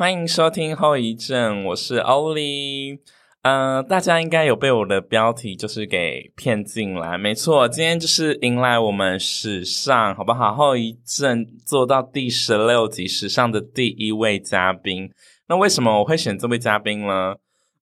歡迎收聽《後遺症》，我是 Ollie。嗯，uh, 大家應該有被我的標題就是給騙進來，沒錯。今天就是迎來我們史上，好不好？後遺症做到第十六集，史上的第一位嘉賓。那為什麼我會選這位嘉賓呢？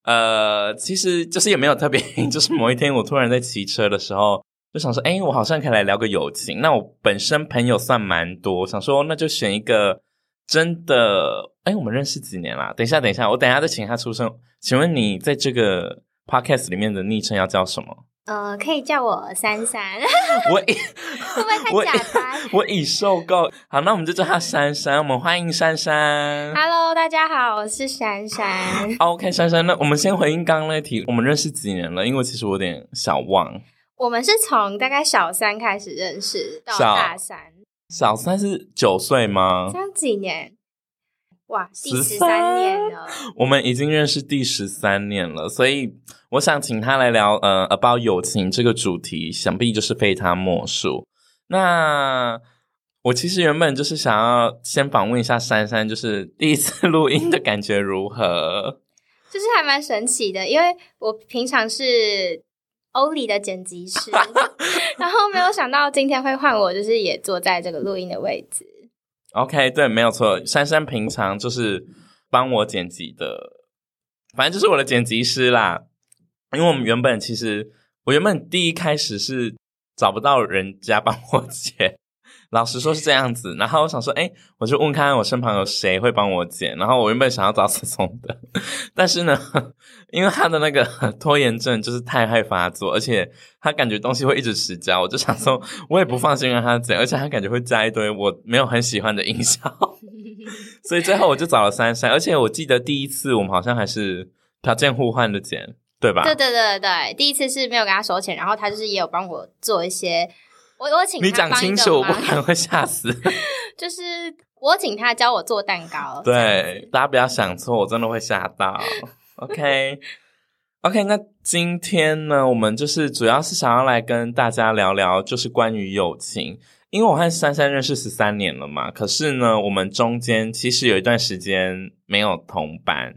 呃，uh, 其實就是也沒有特別，就是某一天我突然在騎車的時候，就想說，哎，我好像可以來聊個友情。那我本身朋友算蠻多，想說那就選一個。真的，哎，我們認識幾年了？等一下，等一下，我等一下再請他出聲。請問你在這個 podcast 裡面的昵稱要叫什麼？呃，可以叫我珊珊。 我，會不會太假？我已受夠。好，那我們就叫他珊珊。我們歡迎珊珊。Hello，大家好，我是珊珊。啊，OK，珊珊，那我們先回應剛剛那題。我們認識幾年了？因為其實我有點小忘。我們是從大概小三開始認識到大三。小三是九歲嗎？這樣，幾年？哇，第十三年了。13? 我們已經認識第十三年了，所以我想請他來聊呃，about 友情這個主題，想必就是非他莫屬。那我其實原本就是想要先訪問一下珊珊，就是第一次錄音的感覺如何？ 就是還蠻神奇的，因為我平常是。歐里的剪輯師， 然後沒有想到今天會換我，就是也坐在這個錄音的位置。OK，對，沒有錯。珊珊平常就是幫我剪輯的，反正就是我的剪輯師啦。因為我們原本其實，我原本第一開始是找不到人家幫我剪。老實說是這樣子，然後我想說，哎，我就問看看我身旁有誰會幫我剪，然後我原本想要找聰聰的，但是呢，因為他的那個拖延症，就是太害發作，而且他感覺東西會一直遲交，我就想說，我也不放心讓他剪，而且他感覺會加一堆我沒有很喜歡的音效，所以最後我就找了珊珊，而且我記得第一次我們好像還是條件互換的剪，對吧？對對對對對，第一次是沒有跟他收錢，然後他就是也有幫我做一些。我我請你講清楚，我不敢會嚇死。 就是我請他教我做蛋糕。對，是是大家不要想錯，我真的會嚇到。OK，OK，okay. Okay, 那今天呢，我們就是主要是想要來跟大家聊聊，就是關於友情。因為我和珊珊認識十三年了嘛，可是呢，我們中間其實有一段時間沒有同班，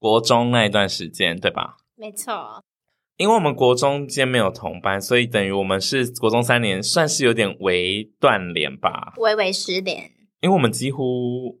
國中那一段時間，對吧？沒錯。因為我們國中間沒有同班，所以等於我們是國中三年，算是有點微斷聯吧，微微失聯。因為我們幾乎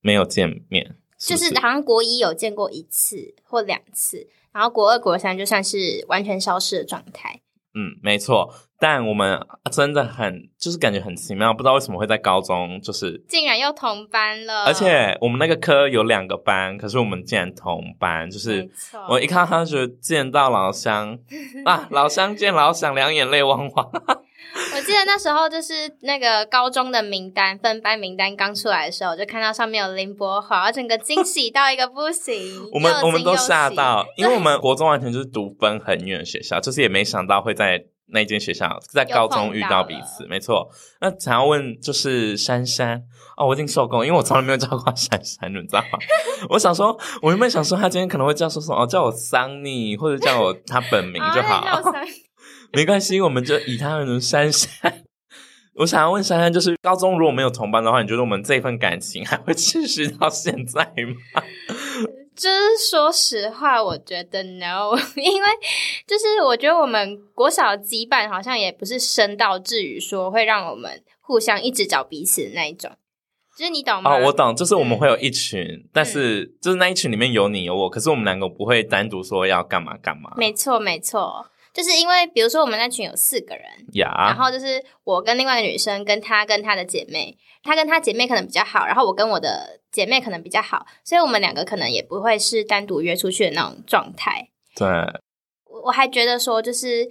沒有見面，就是好像國一有見過一次或兩次，然後國二、國三就算是完全消失的狀態。嗯，沒錯，但我們真的很就是感覺很奇妙，不知道為什麼會在高中，就是竟然又同班了。而且我們那個科有兩個班，可是我們竟然同班，就是沒錯，我一看他就見到老鄉 啊，老鄉見老鄉，兩眼淚汪汪。 我記得那時候就是那個高中的，名單分班名單剛出來的時候，我就看到上面有林柏華，整個驚喜到一個不行。 我們又又我們都嚇到，因為我們國中完全就是讀分很遠的學校，就是也沒想到會在那間學校在高中遇到彼此。沒錯，那想要問就是珊珊哦，我已經受夠，因為我從來沒有叫過她珊珊，你知道嗎？ 我想說，我原本想說她今天可能會叫說什麼哦，叫我桑尼，或者叫我她本名就好。 好沒關係，我們就以他們的珊珊。 我想要問珊珊，就是高中如果沒有同班的話，你覺得我們這份感情還會持續到現在嗎？就是說實話，我覺得 No，因為就是我覺得我們國小羈絆好像也不是深到至於說會讓我們互相一直找彼此的那一種。就是你懂嗎？哦，我懂。就是我們會有一群，但是就是那一群裡面有你有我，可是我們兩個不會單獨說要幹嘛幹嘛。沒錯，沒錯。就是因為，比如說我們那群有四個人，yeah. 然後就是我跟另外一個女生，跟她跟她的姐妹，她跟她姐妹可能比較好，然後我跟我的姐妹可能比較好，所以我們兩個可能也不會是單獨約出去的那種狀態。對，我我還覺得說，就是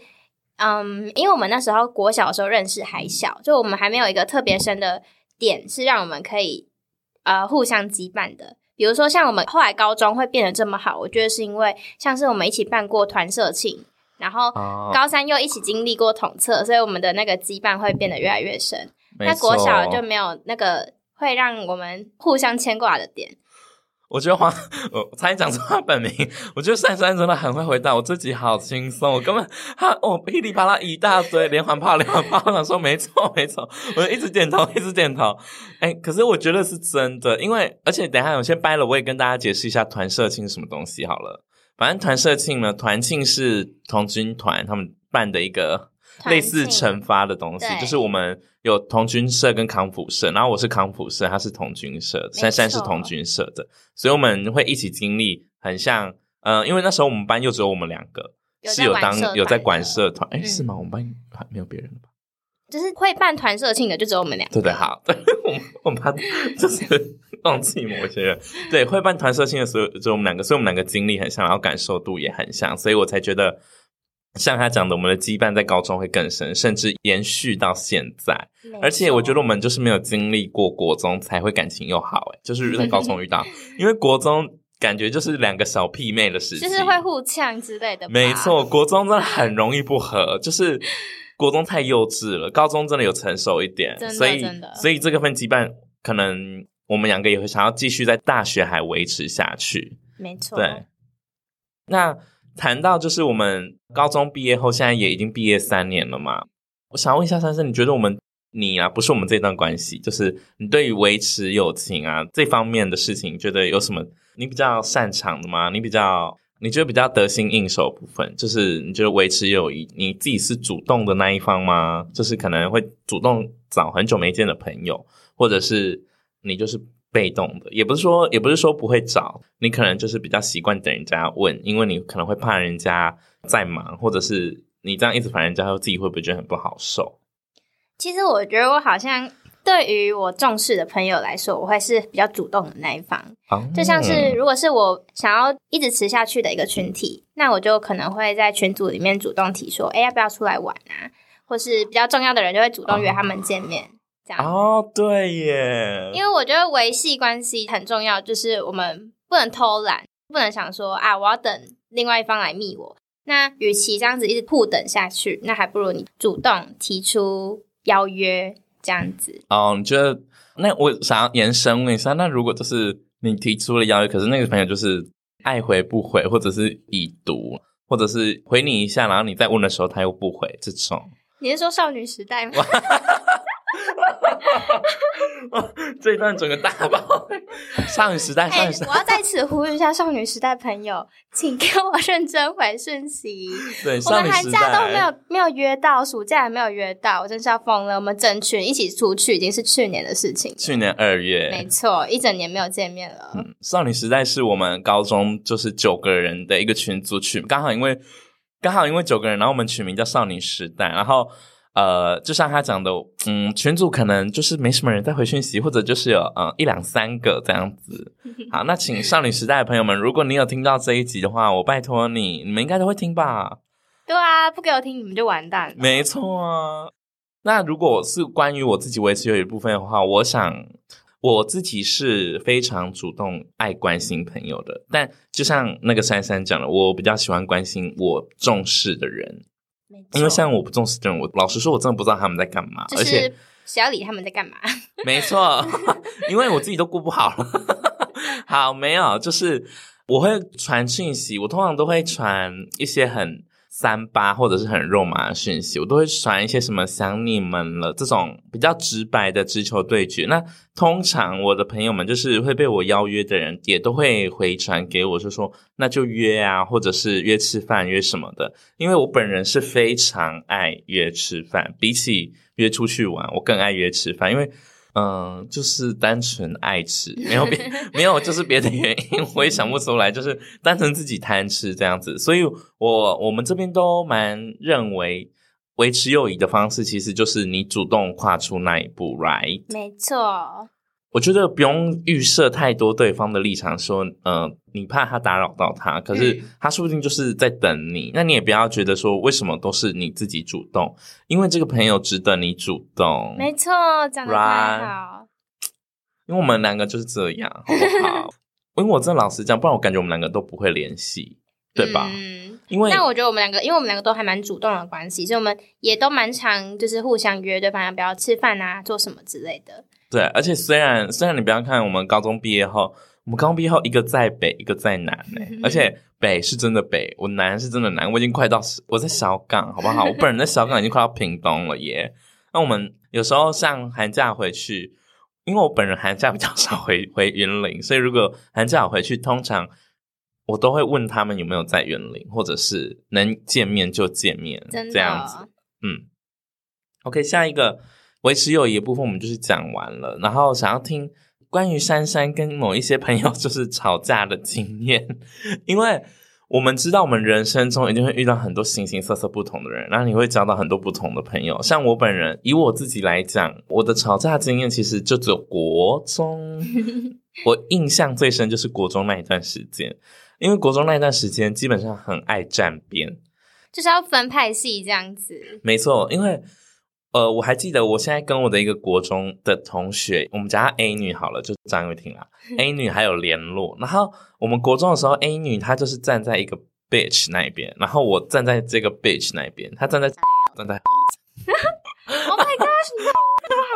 嗯，因為我們那時候國小的時候認識還小，就我們還沒有一個特別深的點是讓我們可以呃互相羈絆的。比如說像我們後來高中會變得這麼好，我覺得是因為像是我們一起辦過團社慶。然後高三又一起經歷過統測，所以我們的那個羈絆會變得越來越深。那國小就沒有那個會讓我們互相牽掛的點。我覺得黃，我才講出他本名。我覺得珊珊真的很會回答，我自己好輕鬆，我根本他我、哦、噼裡啪啦一大堆連環炮，連環炮。我想說沒錯沒錯，我一直點頭一直點頭。哎、欸，可是我覺得是真的，因為而且等一下我先掰了，我也跟大家解釋一下團社清什麼東西好了。反正團社慶呢，團慶是童軍團他們辦的一個類似懲罰的東西，就是我們有童軍社跟康輔社，然後我是康輔社，他是童軍社，珊珊是童軍社的，所以我們會一起經歷很像，呃，因為那時候我們班又只有我們兩個，是有當有在管社團，哎、嗯欸，是嗎？我們班還沒有別人了吧？只是會辦團社慶的，就只有我們倆。對對，好，我們我們就是忘記某些人。對，會辦團社慶的時候，就我們兩個，所以我們兩個經歷很像，然後感受度也很像，所以我才覺得像他講的，我們的羈絆在高中會更深，甚至延續到現在。而且我覺得我們就是沒有經歷過國中，才會感情又好。哎，就是在高中遇到， 因為國中感覺就是兩個小屁妹的事情，就是會互嗆之類的。沒錯，國中真的很容易不合，就是。國中太幼稚了，高中真的有成熟一點，所以所以這個羈絆可能我們兩個也會想要繼續在大學還維持下去。沒錯，對。那談到就是我們高中畢業後，現在也已經畢業三年了嘛，我想問一下三生，你覺得我們你啊，不是我們這段關係，就是你對於維持友情啊這方面的事情，覺得有什麼你比較擅長的嗎？你比較。你就比較得心應手部分，就是你覺得維持友誼，你自己是主動的那一方嗎？就是可能會主動找很久沒見的朋友，或者是你就是被動的，也不是說也不是說不會找，你可能就是比較習慣等人家問，因為你可能會怕人家在忙，或者是你這樣一直煩人家，他自己會不會覺得很不好受？其實我覺得我好像。對於我重視的朋友來說，我會是比較主動的那一方。Oh. 就像是如果是我想要一直持下去的一個群體，那我就可能會在群組裡面主動提說：“哎，要不要出來玩啊？”或是比較重要的人就會主動約他們見面。Oh. 這樣啊，oh, 對耶。因為我覺得維繫關係很重要，就是我們不能偷懶，不能想說啊，我要等另外一方來密我。那與其這樣子一直互等下去，那還不如你主動提出邀約。這樣子哦，你覺得，那我想要延伸問一下，那如果就是你提出了邀約，可是那個朋友就是愛回不回，或者是已讀，或者是回你一下，然後你再問的時候他又不回，這種，你是說少女時代嗎？ 哈哈，這一段整個大包 少。少女時代，欸、 我要在此呼籲一下少女時代朋友，請給我認真回訊息。 對，我們寒假都沒有沒有約到，暑假也沒有約到，我真是要瘋了。我們整群一起出去已經是去年的事情，去年二月，沒錯，一整年沒有見面了、嗯。少女時代是我們高中就是九個人的一個群組群，剛好因為剛好因為九個人，然後我們取名叫少女時代，然後。呃，就像他講的，嗯，群組可能就是沒什麼人在回訊息，或者就是有嗯一兩三個這樣子。好，那請少女時代的朋友們，如果你有聽到這一集的話，我拜托你，你們應該都會聽吧？對啊，不給我聽你們就完蛋。沒錯啊。那如果是關於我自己維持友誼部分的話，我想我自己是非常主動愛關心朋友的，但就像那個珊珊講的，我比較喜歡關心我重視的人。因為像我不重視這種，我老實說，我真的不知道他們在幹嘛。就是、而且小李他們在幹嘛？ 沒錯，因為我自己都顧不好了。 好，沒有，就是我會傳訊息，我通常都會傳一些很。三八或者是很肉麻的訊息，我都會傳一些什麼想你們了這種比較直白的直球對決。那通常我的朋友們就是會被我邀約的人，也都會回傳給我，就說那就約啊，或者是約吃飯，約什麼的。因為我本人是非常愛約吃飯，比起約出去玩，我更愛約吃飯，因為。嗯、呃，就是單純愛吃，沒有別沒有，就是別的原因， 我也想不出來，就是單純自己貪吃這樣子。所以我，我我們這邊都蠻認為，維持友誼的方式其實就是你主動跨出那一步來。Right? 沒錯。我覺得不用預設太多對方的立場，說，呃，你怕他打擾到他，可是他說不定就是在等你，嗯、那你也不要覺得說為什麼都是你自己主動，因為這個朋友值得你主動。沒錯，講的很好。因為我們兩個就是這樣，好不好？ 因為我真的老實講，不然我感覺我們兩個都不會聯繫，對吧？嗯、因為那我覺得我們兩個，因為我們兩個都還蠻主動的關係，所以我們也都蠻常就是互相約對方要不要吃飯啊，做什麼之類的。對，而且雖然雖然你不要看我們高中畢業後，我們高中畢業後一個在北，一個在南、欸，哎，而且北是真的北，我南是真的南，我已經快到，我在小港，好不好？我本人在小港已經快要屏東了耶。那、 yeah、我們有時候像寒假回去，因為我本人寒假比較少回回雲林，所以如果寒假回去，通常我都會問他們有沒有在雲林，或者是能見面就見面，這樣子。嗯，OK，下一個。維持有一部分，我們就是講完了，然後想要聽關於珊珊跟某一些朋友就是吵架的經驗，因為我們知道我們人生中一定會遇到很多形形色色不同的人，然後你會交到很多不同的朋友。像我本人，以我自己來講，我的吵架經驗其實就只有國中， 我印象最深就是國中那一段時間，因為國中那一段時間基本上很愛站邊，就是要分派系這樣子。沒錯，因為。呃，我還記得，我現在跟我的一個國中的同學，我們家 A 女好了，就張玉婷啦。 A 女還有聯絡，然後我們國中的時候，A 女她就是站在一個 bitch 那一邊，然後我站在這個 bitch 那一邊，她站在 站在、 oh my gosh。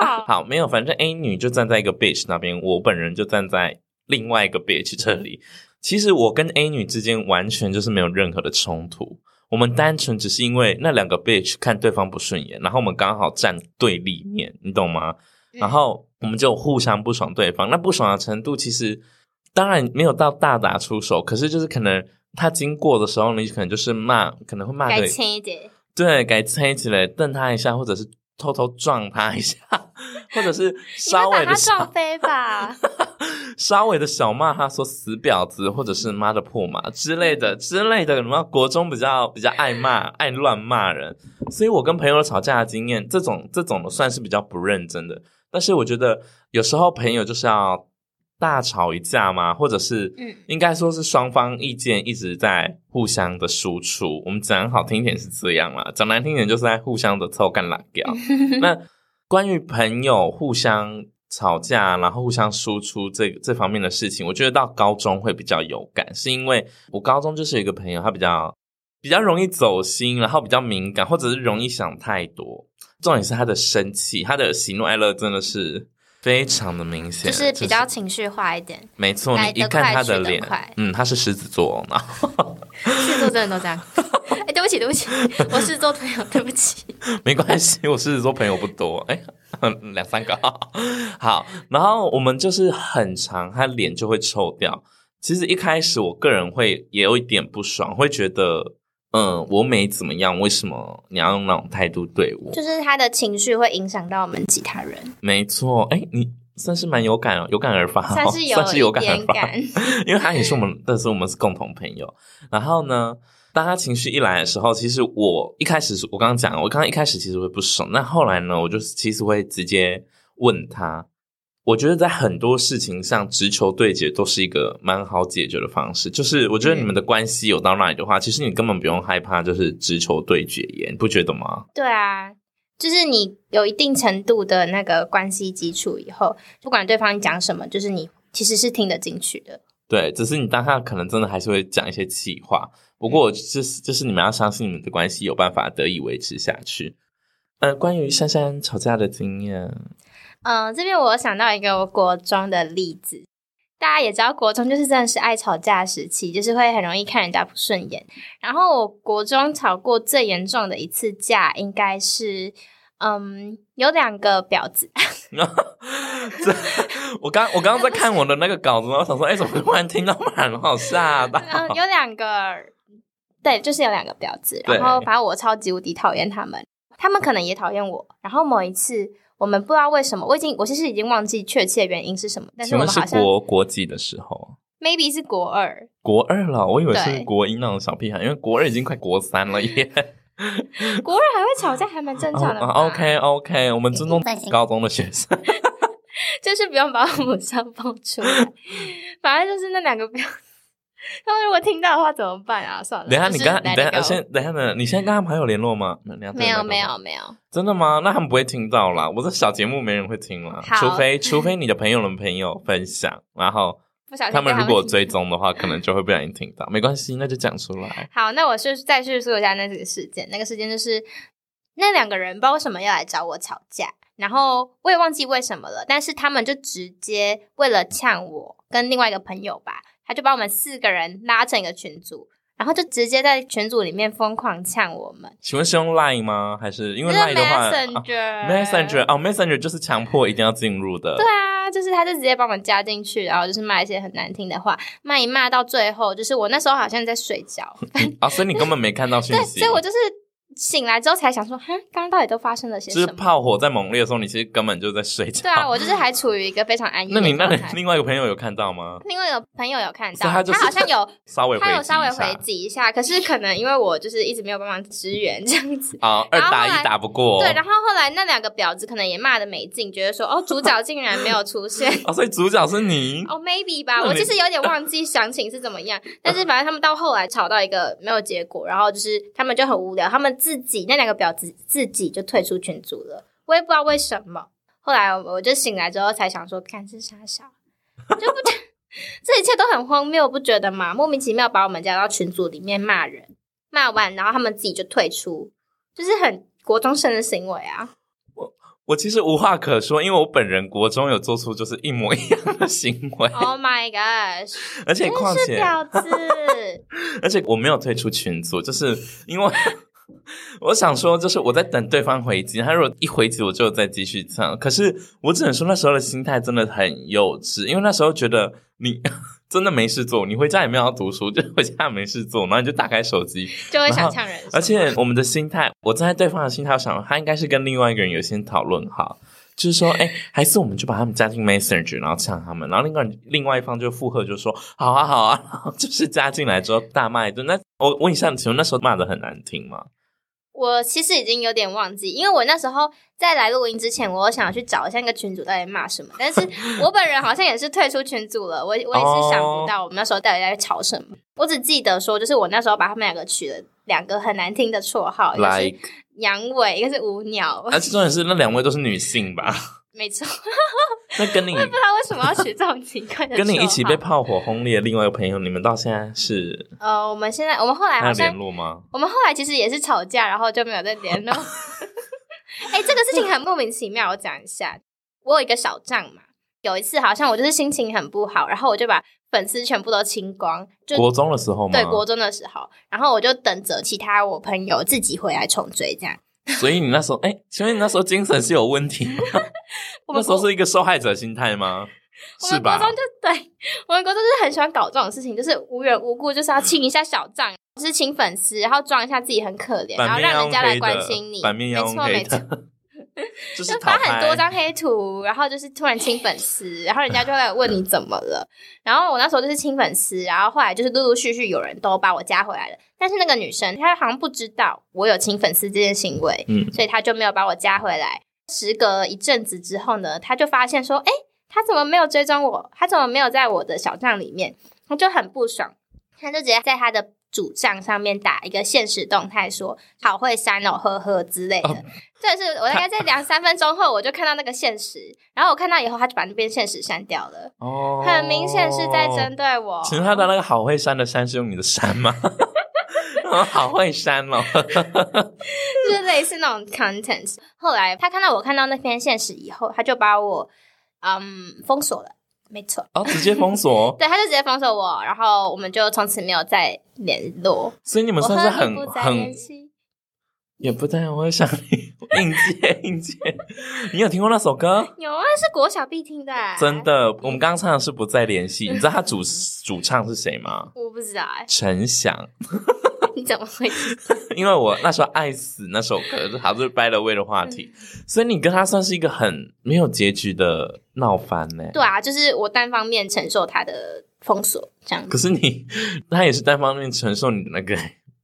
Oh my god！好沒有，反正 A 女就站在一個 bitch 那邊，我本人就站在另外一個 bitch 這裡。其實我跟 A 女之間完全就是沒有任何的衝突。我們單純只是因為那兩個 bitch 看對方不順眼，然後我們剛好站對立面，你懂嗎？然後我們就互相不爽對方，那不爽的程度其實當然沒有到大打出手，可是就是可能他經過的時候，你可能就是罵，可能會罵對，該輕一點，對，該輕起來，瞪他一下，或者是。偷偷撞他一下，或者是稍微的小 飛吧， 稍微的小罵他說死婊子，或者是媽的破麻之類的之類的。什麼國中比較比較愛罵，愛亂罵人，所以我跟朋友吵架的經驗，這種這種的算是比較不認真的。但是我覺得有時候朋友就是要。大吵一架嗎？或者是，應該說是雙方意見一直在互相的輸出、嗯。我們講好聽一點是這樣啦，講難聽點就是在互相的臭乾爛掉。 那關於朋友互相吵架，然後互相輸出這這方面的事情，我覺得到高中會比較有感，是因為我高中就是有一個朋友，他比較比較容易走心，然後比較敏感，或者是容易想太多。重點是他的生氣，他的喜怒哀樂真的是。非常的明顯，就是比較情緒化一點。就是、沒錯，你一看他的臉，嗯，他是獅子座嘛，然後，獅子座真的都這樣。哎、 欸，對不起，對不起，我獅子座朋友，對不起。沒關係， 我獅子座朋友不多，哎、欸，兩三個。好，然後我們就是很長，他臉就會臭掉。其實一開始，我個人會也有一點不爽，會覺得。嗯，我沒怎麼樣，為什麼你要用那種態度對我？就是他的情緒會影響到我們其他人。沒錯，哎、欸，你算是蠻有感、哦，有感而發、哦，算是有、算是有一點、算是有感而發，因為他也是我們、嗯，但是我們是共同朋友。然後呢，當他情緒一來的時候，其實我一開始我剛剛講，我剛剛一開始其實會不爽，那後來呢，我就其實會直接問他。我覺得在很多事情上，直球對決都是一個蠻好解決的方式。就是我覺得你們的關係有到那裡的話、嗯，其實你根本不用害怕，就是直球對決耶，你不覺得嗎？對啊，就是你有一定程度的那個關係基礎以後，不管對方講什麼，就是你其實是聽得進去的。對，只是你當下可能真的還是會講一些氣話。不過，就是就是你們要相信，你們的關係有辦法得以維持下去。呃，關於珊珊吵架的經驗。嗯、呃，這邊我想到一個國中的例子，大家也知道，國中就是真的是愛吵架時期，就是會很容易看人家不順眼。然後，我國中吵過最嚴重的一次架，應該是，嗯，有兩個婊子。 我剛我剛剛在看我的那個稿子， 我想說，哎、欸，怎麼突然聽到罵人好嚇到？ 有兩個，對，就是有兩個婊子，然後反正我超級無敵討厭他們，他們可能也討厭我。然後某一次。我們不知道為什麼，我已經我其實已經忘記確切原因是什麼，但是我們好像國國幾的時候，maybe 是國二，國二了，我以為是國一那種小屁孩，因為國二已經快國三了耶， 國二還會吵架還蠻正常的。Oh, OK OK，我們尊重高中的學生， 就是不用把我母校放出來，反正就是那兩個不要。他們如果聽到的話怎麼辦啊？算了，等一下、就是、你跟等一下等一下先等一下呢、嗯？你現在跟他們還有聯絡、嗯、絡嗎？沒有沒有沒有，真的嗎？那他們不會聽到啦。我這小節目，沒人會聽啦，除非除非你的朋友的朋友分享， 然後不小心他們如果追蹤的話， 可能就會不小心聽到。沒關係，那就講出來。好，那我就再敘述一下那個事件。那個事件就是那兩個人不知道為什麼要來找我吵架，然後我也忘記為什麼了，但是他們就直接為了嗆我跟另外一個朋友吧。他就把我們四個人拉成一個群組，然後就直接在群組裡面瘋狂嗆我們。請問是用 Line 嗎？還是因為 Line 的話，Messenger 啊、哦 Messenger，哦，Messenger 就是強迫一定要進入的。對啊，就是他就直接把我們加進去，然後就是罵一些很難聽的話。罵一罵到最後，就是我那時候好像在睡覺，啊、 哦，所以你根本沒看到信息 對。所以我就是。醒來之後才想說，哈，剛剛到底都發生了些什麼？就是炮火在猛烈的時候，你其實根本就在睡覺。對啊，我就是還處於一個非常安逸。那你那另外一個朋友有看到嗎？另外一個朋友有看到，他，就是，他好像有稍微，他有稍微回擊一下。可是可能因為我就是一直沒有辦法支援這樣子啊、哦，二打一打不過、哦。對，然後後來那兩個婊子可能也罵的沒勁，覺得說哦，主角竟然沒有出現 哦，所以主角是你哦，oh,，maybe 吧，我其實有點忘記詳情是怎麼樣。但是反正他們到後來吵到一個沒有結果，然後就是他們就很無聊，他們自。自己那兩個婊子自己就退出群組了，我也不知道為什麼。後來我就醒來之後才想說，看是啥小笑，這一切都很荒謬，我不覺得嗎？莫名其妙把我們加到群組裡面罵人，罵完然後他們自己就退出，就是很國中生的行為啊。我我其實無話可說，因為我本人國中有做出就是一模一樣的行為。 Oh my gosh！而且況且，是子 而且我沒有退出群組，就是因為。 我想說，就是我在等對方回擊，他如果一回擊我就再繼續嗆。可是我只能說那時候的心態真的很幼稚，因為那時候覺得你真的沒事做，你回家也沒有要讀書，就回家沒事做，然後你就打開手機就會想嗆人。而且我們的心態，我在對方的心態想，他應該是跟另外一個人有先討論好，就是說，哎，還是我們就把他們加進 message，然後嗆他們，然後另外另外一方就附和就說好啊好啊，然後就是加進來之後大罵一頓。那我問一下，請問那時候罵的很難聽嗎？我其實已經有點忘記，因為我那時候在來錄音之前，我想去找一下那個群主到底罵什麼。但是我本人好像也是退出群組了，我我也是想不到我們那時候到底在吵什麼。Oh. 我只記得說，就是我那時候把他們兩個取了兩個很難聽的綽號，一、like, 個是陽痿，一個是無鳥。啊、是那最重要是那兩位都是女性吧。沒錯，那跟你 不知道為什麼要學這種奇怪的。跟你一起被炮火轟裂的另外一個朋友，你們到現在是呃，我們現在我們後來還有聯絡嗎？我們後來其實也是吵架，然後就沒有再聯絡。哎、 欸，這個事情很莫名其妙。我講一下，我有一個小賬嘛，有一次好像我就是心情很不好，然後我就把粉絲全部都清光。就國中的時候嘛對，國中的時候，然後我就等着其他我朋友自己回來重追這樣。所以你那時候哎、欸，所以你那時候精神是有問題嗎？ 我們那時候是一個受害者心態嗎？ 我們高中就對，我們高中就是很喜歡搞這種事情，就是無緣無故就是要清一下小賬，就是清粉絲，然後裝一下自己很可憐，然後讓人家來關心你。版面要黑的，沒錯沒錯。就是就發很多張黑圖，然後就是突然清粉絲，然後人家就來問你怎麼了。然後我那時候就是清粉絲，然後後來就是陸陸續續有人都把我加回來了。但是那個女生她好像不知道我有清粉絲這件行為，嗯，所以她就沒有把我加回來。時隔了一陣子之後呢，他就發現說，哎，他怎麼沒有追蹤我？他怎麼沒有在我的小賬裡面？他就很不爽，他就直接在他的主賬上面打一個限時動態，說“好會刪哦，呵呵”之類的。這、哦、是我大概在兩三分鐘後，我就看到那個限時，然後我看到以後，他就把那邊限時刪掉了。哦，很明顯是在針對我。其實他的那個“好會刪”的“刪”是用你的“刪”嗎？ 哦、好會刪哦，就 類似那種 contents。後來他看到我看到那篇現實以後，他就把我嗯封鎖了，沒錯。哦，直接封鎖？ 對，他就直接封鎖我，然後我們就從此沒有再聯絡。所以你們算是很我很也不太會想你，應接、應接。你有聽過那首歌？有啊，是國小必聽的、欸。真的，我們剛唱的是不再聯繫， 你知道他主主唱是誰嗎？ 我不知道哎、欸，陳翔。 你怎麼會？ 因為我那時候愛死那首歌，好像是《By the Way》的話題， 嗯、所以你跟他算是一個很沒有結局的鬧翻呢。對啊，就是我單方面承受他的封鎖，這樣子。可是你，他也是單方面承受你的那個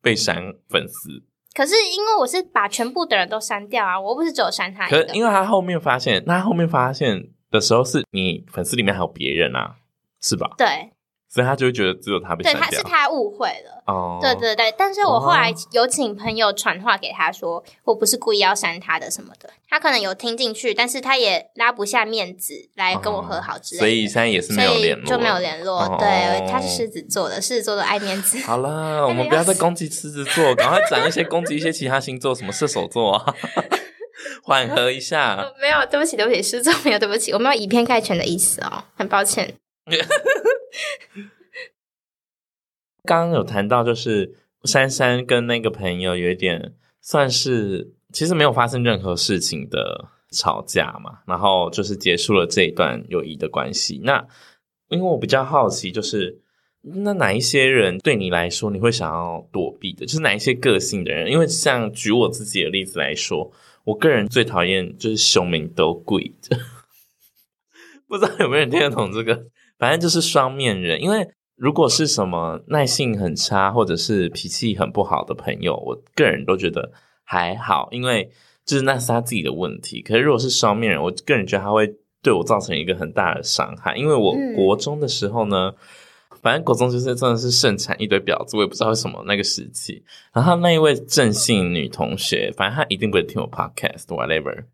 被刪粉絲。可是因為我是把全部的人都刪掉啊，我不是只有刪他一個。可，因為他後面發現，那他後面發現的時候，是你粉絲裡面還有別人啊，是吧？對。所以他就會覺得只有他被刪掉。對，他是他誤會了。哦，對對對。但是我後來有請朋友傳話給他說，我不是故意要刪他的什麼的。他可能有聽進去，但是他也拉不下面子來跟我和好之類的、哦、所以現在也是，沒有聯絡，就沒有聯絡、哦。對，他是獅子座的，獅子座的愛面子。好了，我們不要再攻擊獅子座，趕 快轉一些攻擊一些其他星座， 什麼射手座啊，緩 和一下、哦。沒有，對不起，對不起，獅子座沒有，對不起，我沒有以偏概全的意思哦，很抱歉。剛 剛有談到，就是珊珊跟那個朋友有一點算是其實沒有發生任何事情的吵架嘛，然後就是結束了這一段友誼的關係。那因為我比較好奇，就是那哪一些人對你來說你會想要躲避的，就是哪一些個性的人？因為像舉我自己的例子來說，我個人最討厭就是凶名都貴的， 不知道有沒有人聽得懂這個？反正就是雙面人，因為如果是什麼耐性很差或者是脾氣很不好的朋友，我個人都覺得還好，因為就是那是他自己的問題。可是如果是雙面人，我個人覺得他會對我造成一個很大的傷害。因為我國中的時候呢，嗯，反正國中就是真的是盛產一堆婊子，我也不知道為什麼那個時期。然後那一位鄭姓女同學，反正她一定不會聽我 Podcast, whatever。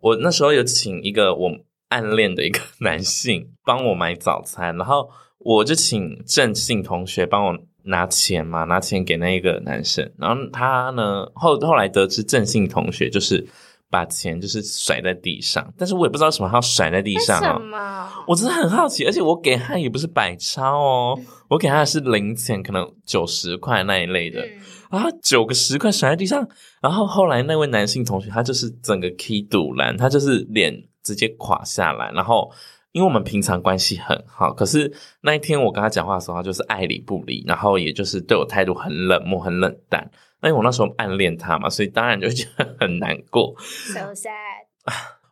我那時候有請一個我暗戀的一個男性幫我買早餐，然後我就請鄭姓同學幫我拿錢嘛，拿錢給那一個男生。然後他呢，後，後來得知鄭姓同學就是把錢就是甩在地上，但是我也不知道什麼他要甩在地上、哦、我真的很好奇。而且我給他也不是百鈔哦，我給他是零錢，可能九十塊那一類的啊，九、嗯、個十塊甩在地上。然後後來那位男性同學他就是整個 key 肚腩，他就是臉。直接垮下來，然後因為我們平常關係很好，可是那一天我跟他講話的時候，他就是愛理不理，然後也就是對我態度很冷漠、很冷淡。那因為我那時候暗戀他嘛，所以當然就會覺得很難過。So sad。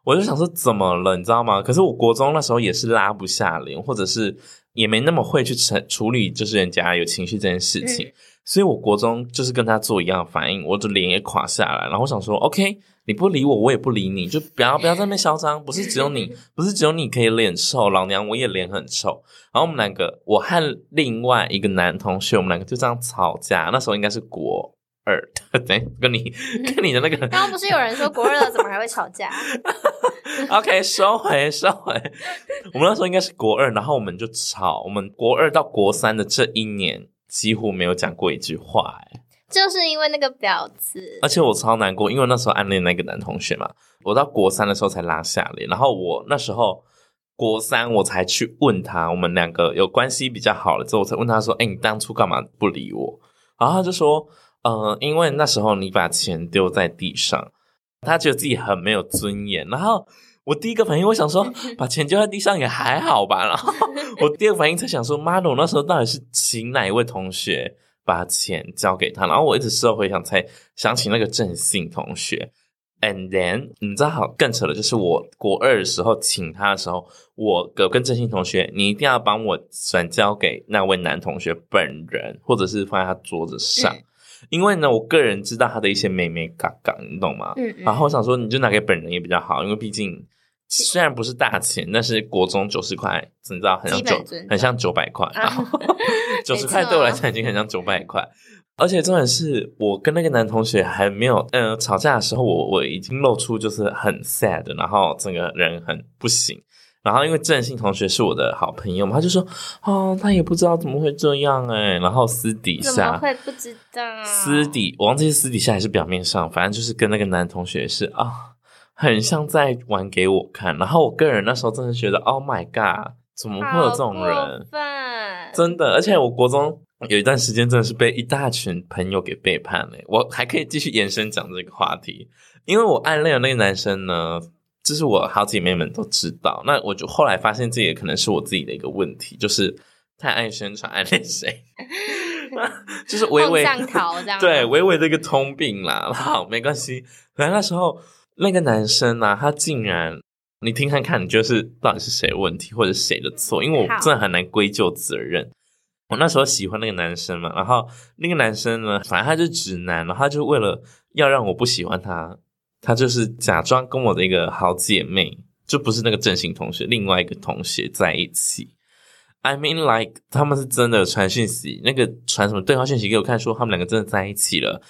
我就想說怎麼了，你知道嗎？可是我國中那時候也是拉不下臉，或者是也沒那麼會去處處理，就是人家有情緒這件事情。嗯。所以我國中就是跟他做一樣反應，我的臉也垮下來，然後我想說 OK。你不理我，我也不理你，就不要不要在那囂張。不是只有你，不是只有你可以臉臭，老娘我也臉很臭。然後我們兩個，我和另外一個男同學，我們兩個就這樣吵架。那時候應該是國二，對，跟你跟你的那個，剛剛不是有人說國二了， 怎麼還會吵架？OK，收回收回。我們那時候應該是國二，然後我們就吵。我們國二到國三的這一年，幾乎沒有講過一句話、欸。誒就是因為那個婊子，而且我超難過，因為那時候暗戀那個男同學嘛。我到國三的時候才拉下臉，然後我那時候國三我才去問他，我們兩個有關係比較好了之後，所以我才問他說：“哎、欸，你當初幹嘛不理我？”然後他就說：“嗯、呃，因為那時候你把錢丟在地上，他覺得自己很沒有尊嚴。”然後我第一個反應，我想說：“ 把錢丟在地上也還好吧。”然後我第二個反應才想說：“媽的，那我那時候到底是請哪一位同學？”把錢交給他，然後我一直事後回想才想起那個鄭信同學。And then，你知道好更扯的就是我國二的時候請他的時候，我跟鄭信同學，你一定要幫我轉交給那位男同學本人，或者是放在他桌子上，嗯、因為呢，我個人知道他的一些妹妹，嘎嘎，你懂嗎？然後我想說，你就拿給本人也比較好，因為畢竟。雖然不是大錢，但是國中九十塊，你知道，很像九，很像九百塊。九十塊對我來講已經很像九百塊。而且重點是，我跟那個男同學還沒有嗯、呃、吵架的時候我，我我已經露出就是很 sad，然後整個人很不行。然後因為鄭信同學是我的好朋友嘛，他就說哦，他也不知道怎麼會這樣誒、欸、然後私底下怎麼會不知道？私底，我忘記私底下還是表面上，反正就是跟那個男同學是啊。哦很像在玩給我看，然後我個人那時候真的覺得，Oh my god，怎麼會有這種人？真的，而且我國中有一段時間真的是被一大群朋友給背叛了。我還可以繼續延伸講這個話題，因為我暗戀的那個男生呢，就是我好姐妹們都知道。那我就後來發現這也可能是我自己的一個問題，就是太愛宣傳暗戀誰， 就是微微這樣，對，微微的一個通病啦。然後沒關係，反正那時候。那個男生啊，他竟然，你聽看看，你就是到底是誰的問題或者誰的錯？因為我真的很難歸咎責任。我那時候喜歡那個男生嘛，然後那個男生呢，反正他就直男，然後他就為了要讓我不喜歡他，他就是假裝跟我的一個好姐妹，就不是那個正性同學，另外一個同學在一起。I mean, like，他們是真的傳訊息，那個傳什麼對話訊息給我看，說他們兩個真的在一起了。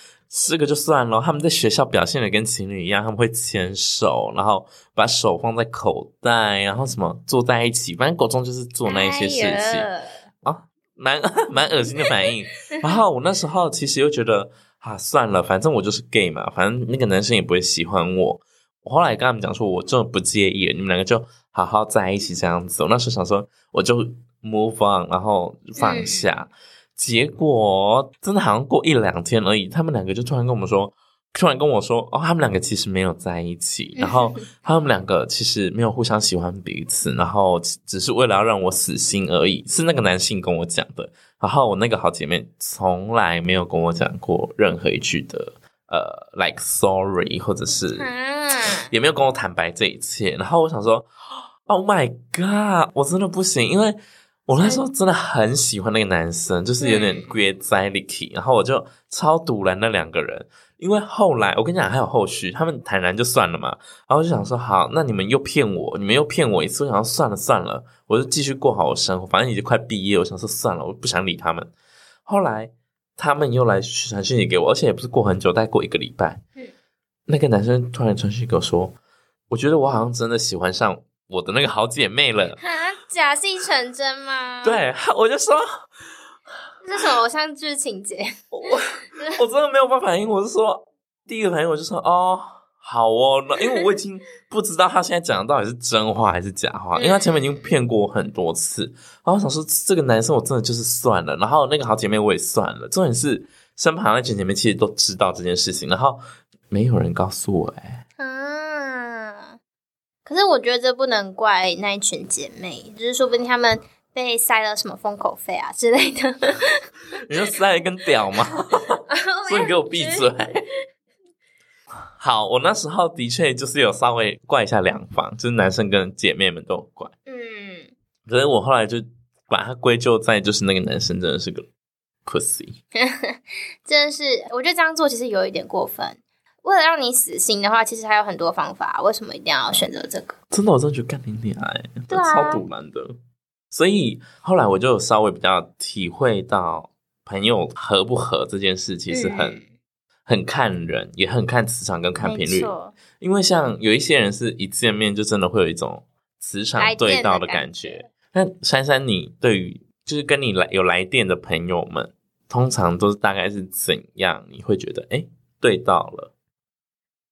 這個就算了，他們在學校表現得跟情侶一樣，他們會牽手，然後把手放在口袋，然後什麼坐在一起，反正高中就是做那些事情、哎、啊，蠻蠻噁心的反應。 然後我那時候其實又覺得啊，算了，反正我就是 gay 嘛，反正那個男生也不會喜歡我。我後來跟他們講說，我真的不介意，你們兩個就好好在一起這樣子。我那時候想說，我就。Move on，然後放下，結果真的好像過一兩天而已。他們兩個就突然跟我們說，突然跟我說，哦，他們兩個其實沒有在一起，然後他們兩個其實沒有互相喜歡彼此，然後只是為了要讓我死心而已。是那個男性跟我講的，然後我那個好姐妹從來沒有跟我講過任何一句的，呃，like sorry，或者是也沒有跟我坦白這一切。然後我想說，Oh my god，我真的不行，因為。我那時候真的很喜歡那個男生，就是有點怪哉力。然後我就超賭爛那兩個人，因為後來我跟你講還有後續，他們坦然就算了嘛，然後我就想說好，那你們又騙我，你們又騙我一次，我想要算了算了，我就繼續過好我生活，反正已經快畢業，我想說算了，我不想理他們。後來他們又來傳訊息給我，而且也不是過很久，大概過一個禮拜、嗯，那個男生突然傳訊給我說，我覺得我好像真的喜歡上。我的那個好姐妹了啊，假戲成真嗎？對，我就說這是偶像劇情節？我我真的沒有辦法反應，因為我是說第一個朋友，我就說,第一個反應我就說哦，好哦，因為我已經不知道他現在講的到底是真話還是假話，嗯、因為他前面已經騙過我很多次，然後我想說這個男生我真的就是算了，然後那個好姐妹我也算了，重點是身旁那群姐,姐妹其實都知道這件事情，然後沒有人告訴我哎、欸。嗯可是我覺得這不能怪那一群姐妹，就是說不定他們被塞了什麼封口費啊之類的。你就塞了一根屌毛，所以你給我閉嘴。 好，我那時候的確就是有稍微怪一下兩方，就是男生跟姐妹們都很怪。嗯。可是我後來就把它歸咎在就是那個男生真的是個 pussy。真的是，我覺得這樣做其實有一點過分。為了讓你死心的話，其實還有很多方法。為什麼一定要選擇這個？真的，我真的覺得幹戀愛，啊，超賭爛的。所以後來我就稍微比較體會到，朋友合不合這件事，其實很很看人，也很看磁場跟看頻率。因為像有一些人是一見面就真的會有一種磁場對到的感覺。那珊珊，你對於就是跟你來有來電的朋友們，通常都是大概是怎樣？你會覺得哎，對到了。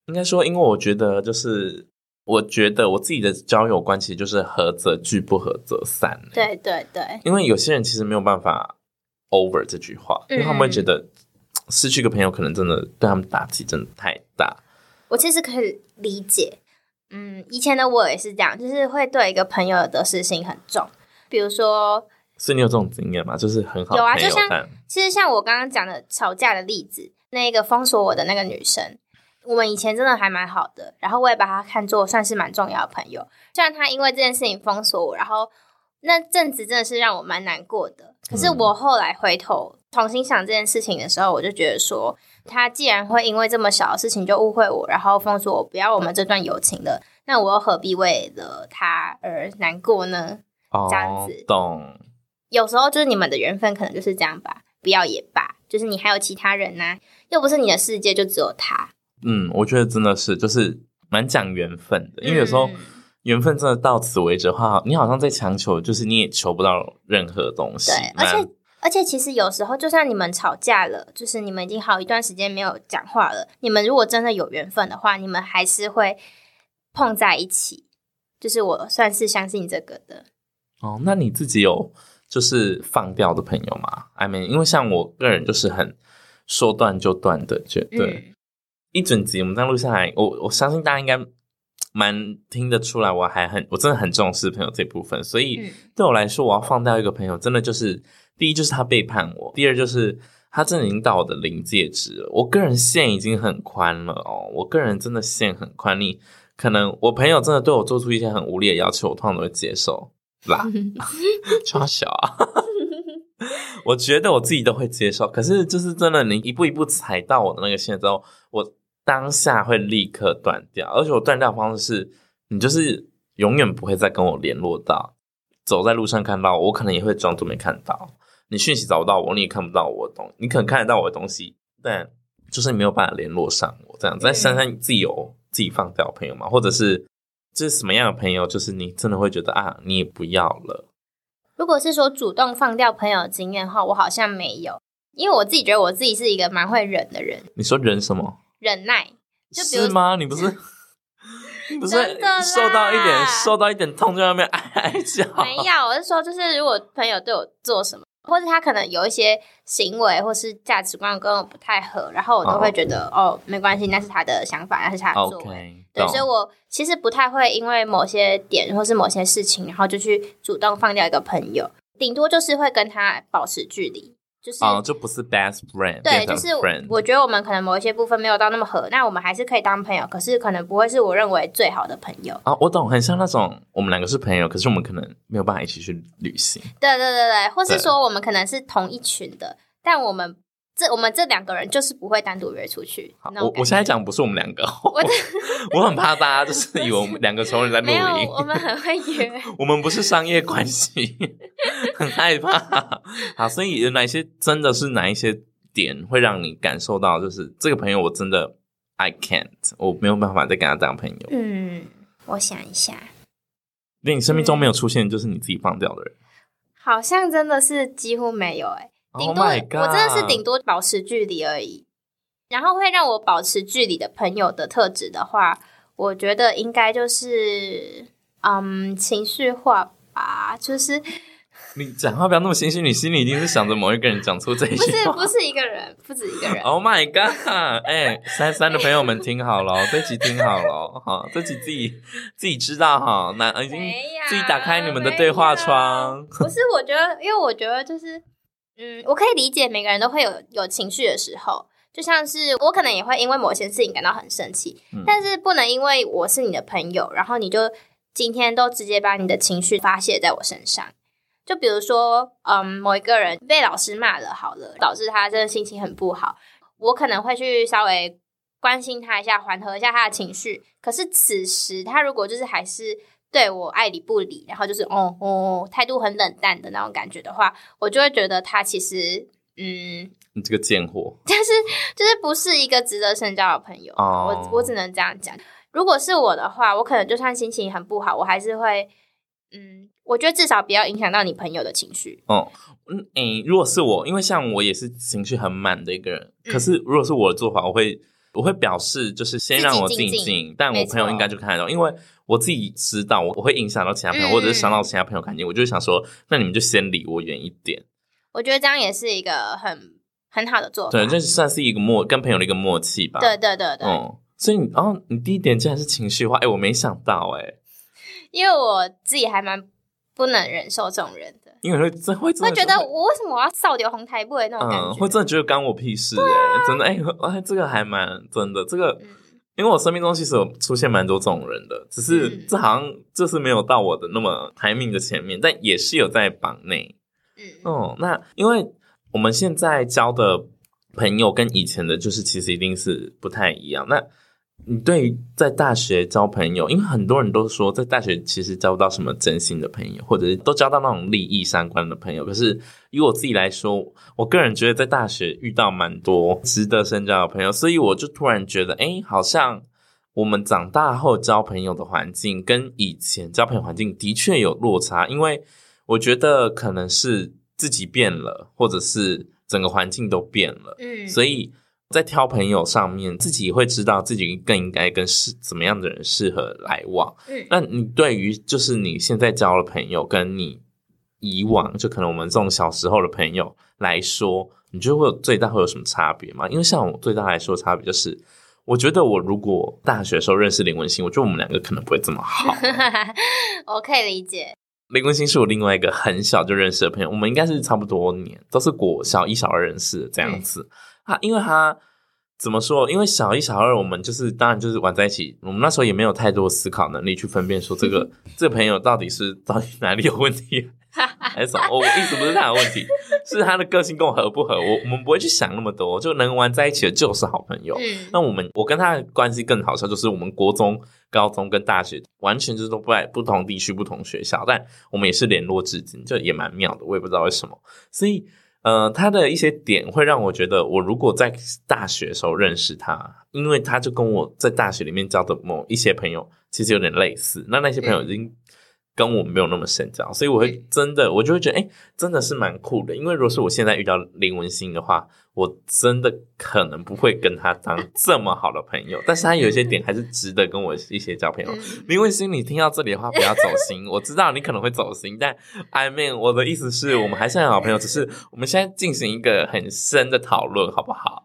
應該說，因為我覺得，就是我覺得我自己的交友關係就是合則聚，不合則散、欸。對對對，因為有些人其實沒有辦法 over 這句話，嗯、因為他們會覺得失去一個朋友可能真的對他們打擊真的太大。我其實可以理解，嗯，以前的我也是這樣，就是會對一個朋友的得失心很重。比如說，所以你有這種經驗嗎？就是很好，有啊。就像其實像我剛剛講的吵架的例子，那個封鎖我的那個女生。我們以前真的還蠻好的，然後我也把他看作算是蠻重要的朋友。雖然他因為這件事情封鎖我，然後那陣子真的是讓我蠻難過的。可是我後來回頭重新想這件事情的時候，我就覺得說，他既然會因為這麼小的事情就誤會我，然後封鎖我，不要我們這段友情了，那我又何必為了他而難過呢？Oh, 這樣子，懂。有時候就是你們的緣分可能就是這樣吧，不要也罷。就是你還有其他人呢、啊，又不是你的世界就只有他。嗯，我覺得真的是，就是蠻講緣分的。因為有時候緣分真的到此為止的話，嗯、你好像在強求，就是你也求不到任何東西。對，而且而且其實有時候，就算你們吵架了，就是你們已經好一段時間沒有講話了，你們如果真的有緣分的話，你們還是會碰在一起。就是我算是相信這個的。哦，那你自己有就是放掉的朋友嗎？I mean，因為像我個人就是很說斷就斷的，絕對。嗯一整集我們這樣錄下來，我我相信大家應該蠻聽得出來，我還很，我真的很重視朋友這部分。所以對我來說，我要放掉一個朋友，真的就是第一就是他背叛我，第二就是他真的已經到我的臨界值。我個人線已經很寬了哦，我個人真的線很寬。你可能我朋友真的對我做出一些很無理的要求，我通常都會接受，是吧？ 超小啊， 我覺得我自己都會接受。可是就是真的，你一步一步踩到我的那個線之後，我。當下會立刻斷掉，而且我斷掉的方式是，你就是永遠不會再跟我聯絡到。走在路上看到我，我可能也會裝作沒看到。你訊息找不到我，你也看不到我的東西，你可能看得到我的東西，但就是你沒有辦法聯絡上我這樣子。那珊珊，你自己有自己放掉朋友嗎？嗯、或者是這是什麼樣的朋友？就是你真的會覺得啊，你也不要了？如果是說主動放掉朋友的經驗的話，我好像沒有，因為我自己覺得我自己是一個蠻會忍的人。你說忍什麼？忍耐就，是嗎？你不是， 不是受到一點受到一點痛就在那邊哀哀叫？沒有，我是說，就是如果朋友對我做什麼，或者他可能有一些行為或是價值觀跟我不太合，然後我都會覺得、oh. 哦，沒關係，那是他的想法，那是他做的行為。Okay. 對，Don't. 所以我其實不太會因為某些點或是某些事情，然後就去主動放掉一個朋友，頂多就是會跟他保持距離。就是哦，oh, 就不是 best friend。對，就是 friend。我覺得我們可能某一些部分沒有到那麼合，那我們還是可以當朋友，可是可能不會是我認為最好的朋友。啊，oh，我懂，很像那種我們兩個是朋友，可是我們可能沒有辦法一起去旅行。對對對對，或是說我們可能是同一群的，但我們這我們這兩個人就是不會單獨約出去。好，那我我現在講不是我們兩個，我 我很怕大家就是以為我們兩個從來沒有，我們很會約。 我們不是商業關係。 很害怕，好，所以有哪些真的是哪一些點會讓你感受到，就是這個朋友我真的 I can't，我沒有辦法再跟他當朋友？嗯，我想一下，那你生命中沒有出現就是你自己放掉的人？嗯、好像真的是幾乎沒有，欸，哎，頂多，Oh my God，我真的是頂多保持距離而已。然後會讓我保持距離的朋友的特質的話，我覺得應該就是嗯，情緒化吧，就是。你講話不要那麼清晰，你心裡一定是想着某一個人講出這些話。 不是不是一個人，不止一個人。Oh my god！哎、欸，三三的朋友們聽好了，這集，聽好了，好，這集，自己自己知道哈，那已經自己打開你們的對話窗。啊啊、不是，我覺得，因為我覺得就是，嗯，我可以理解每個人都會有有情緒的時候，就像是我可能也會因為某些事情感到很生氣、嗯，但是不能因為我是你的朋友，然後你就今天都直接把你的情緒發洩在我身上。就比如說，嗯，某一個人被老師罵了，好了，導致他真的心情很不好。我可能會去稍微關心他一下，緩和一下他的情緒。可是此時他如果就是還是對我愛理不理，然後就是哦哦，態度很冷淡的那種感覺的話，我就會覺得他其實，嗯，你這個賤貨，但、就是就是不是一個值得深交的朋友。哦、我我只能這樣講。如果是我的話，我可能就算心情很不好，我還是會。嗯，我覺得至少不要影響到你朋友的情緒。嗯、欸，如果是我，因為像我也是情緒很滿的一個人、嗯，可是如果是我的做法，我會我會表示就是先讓我靜靜，但我朋友應該就看得到，因為我自己知道我會影響到其他朋友，嗯、或者是傷到其他朋友感情，我就想說，那你們就先離我遠一點。我覺得這樣也是一個很很好的做法，對，這算是一個默跟朋友的一個默契吧。對對對對，對，嗯，所以你哦，你第一點竟然是情緒化，哎、欸，我沒想到哎、欸。因為我自己還蠻不能忍受這種人的，因為會真的會會覺得我為什麼我要掃到颱風尾的那種感覺、嗯，會真的覺得干我屁事、欸啊，真的哎哎、欸，這個還蠻真的，這個、嗯、因為我生命中其實有出現蠻多這種人的，只是、嗯、這好像就是沒有到我的那麼排名的前面，但也是有在榜內，嗯，哦，那因為我們現在交的朋友跟以前的，就是其實一定是不太一樣，那。你對於在大學交朋友，因為很多人都說在大學其實交不到什麼真心的朋友，或者是都交到那種利益相關的朋友。可是以我自己來說，我個人覺得在大學遇到蠻多值得深交的朋友，所以我就突然覺得，哎，好像我們長大後交朋友的環境跟以前交朋友環境的確有落差，因為我覺得可能是自己變了，或者是整個環境都變了，嗯，所以。在挑朋友上面，自己會知道自己更應該跟適怎麼樣的人適合來往。嗯，那你對於就是你現在交了朋友，跟你以往就可能我們這種小時候的朋友來說，你覺得會有最大會有什麼差別嗎？因為像我最大來說，差別就是我覺得我如果大學時候認識林文星，我覺得我們兩個可能不會這麼好啊。 我可以理解，林文星是我另外一個很小就認識的朋友，我們應該是差不多年，都是國小、一小二人士這樣子。嗯他，因為他怎麼說？因為小一、小二，我們就是當然就是玩在一起。我們那時候也沒有太多思考能力去分辨說，這個 這個朋友到底是到底哪裡有問題，啊，還是什麼，我意思不是他的問題， 是他的個性跟我合不合？我我們不會去想那麼多，就能玩在一起的就是好朋友。嗯，那我們我跟他的關係更好笑，就是我們國中、高中跟大學完全就是都不在不同地區、不同學校，但我們也是聯絡至今，就也蠻妙的。我也不知道為什麼，所以。呃，他的一些點會讓我覺得，我如果在大學的時候認識他，因為他就跟我在大學裡面交的某一些朋友，其實有點類似。那那些朋友已經、嗯。跟我沒有那麼深交，所以我會真的，我就會覺得，哎、欸，真的是蠻酷的。因為如果是我現在遇到林文星的話，我真的可能不會跟他當這麼好的朋友。但是他有一些點還是值得跟我一些交朋友。 林文星，你聽到這裡的話不要走心，我知道你可能會走心，但 I mean 我的意思是我們還是很好朋友，只是我們現在進行一個很深的討論，好不好？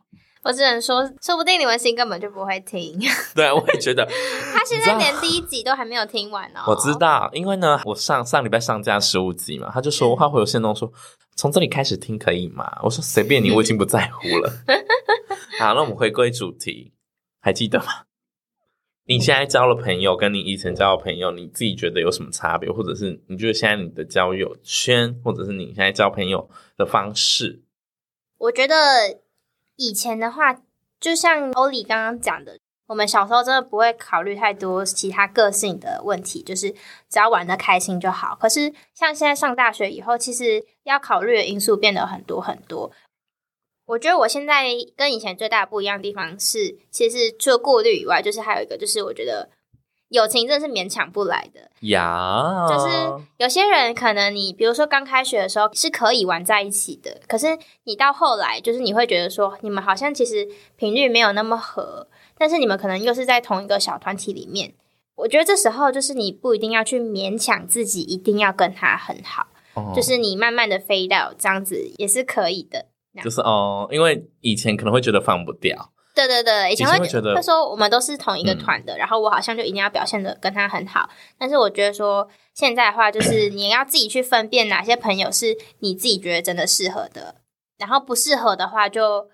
我只能說，說不定李文心根本就不會聽。 對，我也覺得。 他現在連第一集都還沒有聽完哦。 我知道，因為呢，我上上禮拜上架十五集嘛，他就說他會有線動，說從這裡開始聽可以嗎？我說隨便你，我已經不在乎了。 好，那我們回歸主題，還記得嗎？你現在交了朋友，跟你以前交的朋友，你自己覺得有什麼差別？或者是你覺得現在你的交友圈，或者是你現在交朋友的方式？我覺得。以前的話，就像歐里剛剛講的，我們小時候真的不會考慮太多其他個性的問題，就是只要玩得開心就好。可是像現在上大學以後，其實要考慮的因素變得很多很多。我覺得我現在跟以前最大不一樣的地方是，其實除了過濾以外，就是還有一個，就是我覺得。友情真的是勉強不來的呀。Yeah. 就是有些人可能你，比如說剛開學的時候是可以玩在一起的，可是你到後來，就是你會覺得說，你們好像其實頻率沒有那麼合，但是你們可能又是在同一個小團體裡面。我覺得這時候就是你不一定要去勉強自己一定要跟他很好，Oh. 就是你慢慢的飛掉這樣子也是可以的。就是哦，因為以前可能會覺得放不掉。對對對，以前會，以前會覺得會說我們都是同一個團的，嗯，然後我好像就一定要表現的跟他很好。但是我覺得說現在的話，就是你要自己去分辨，哪些朋友是你自己覺得真的適合的，然後不適合的話就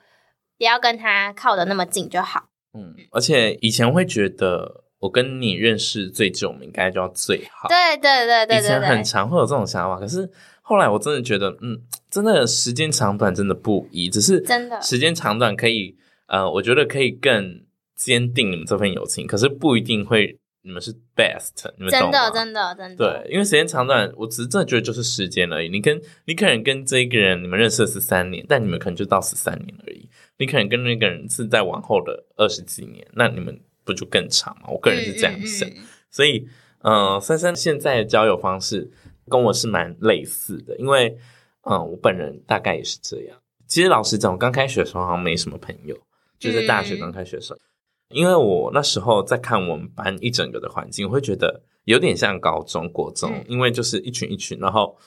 不要跟他靠的那麼近就好。嗯，而且以前會覺得我跟你認識最久，應該就要最好。對對對對對，對，以前很常會有這種想法，可是後來我真的覺得，嗯，真的時間長短真的不一，只是真的時間長短可以。呃，我覺得可以更堅定你們這份友情，可是不一定會你們是 best，你們真的真的真的。對，因為時間長短，我只是真的覺得就是時間而已。你跟你可能跟這一個人，你們認識十三年、嗯，但你們可能就到十三年而已。你可能跟那個人是在往後的二十幾年，那你們不就更長嗎？我個人是這樣想，嗯嗯嗯、所以，嗯、呃，珊珊現在的交友方式跟我是蠻類似的，因為，嗯、呃，我本人大概也是這樣。其實老實講，我剛開學的時候好像沒什麼朋友。嗯就是大學剛開學時，因為我那時候在看我們班一整個的環境，我會覺得有點像高中、國中，因為就是一群一群，然後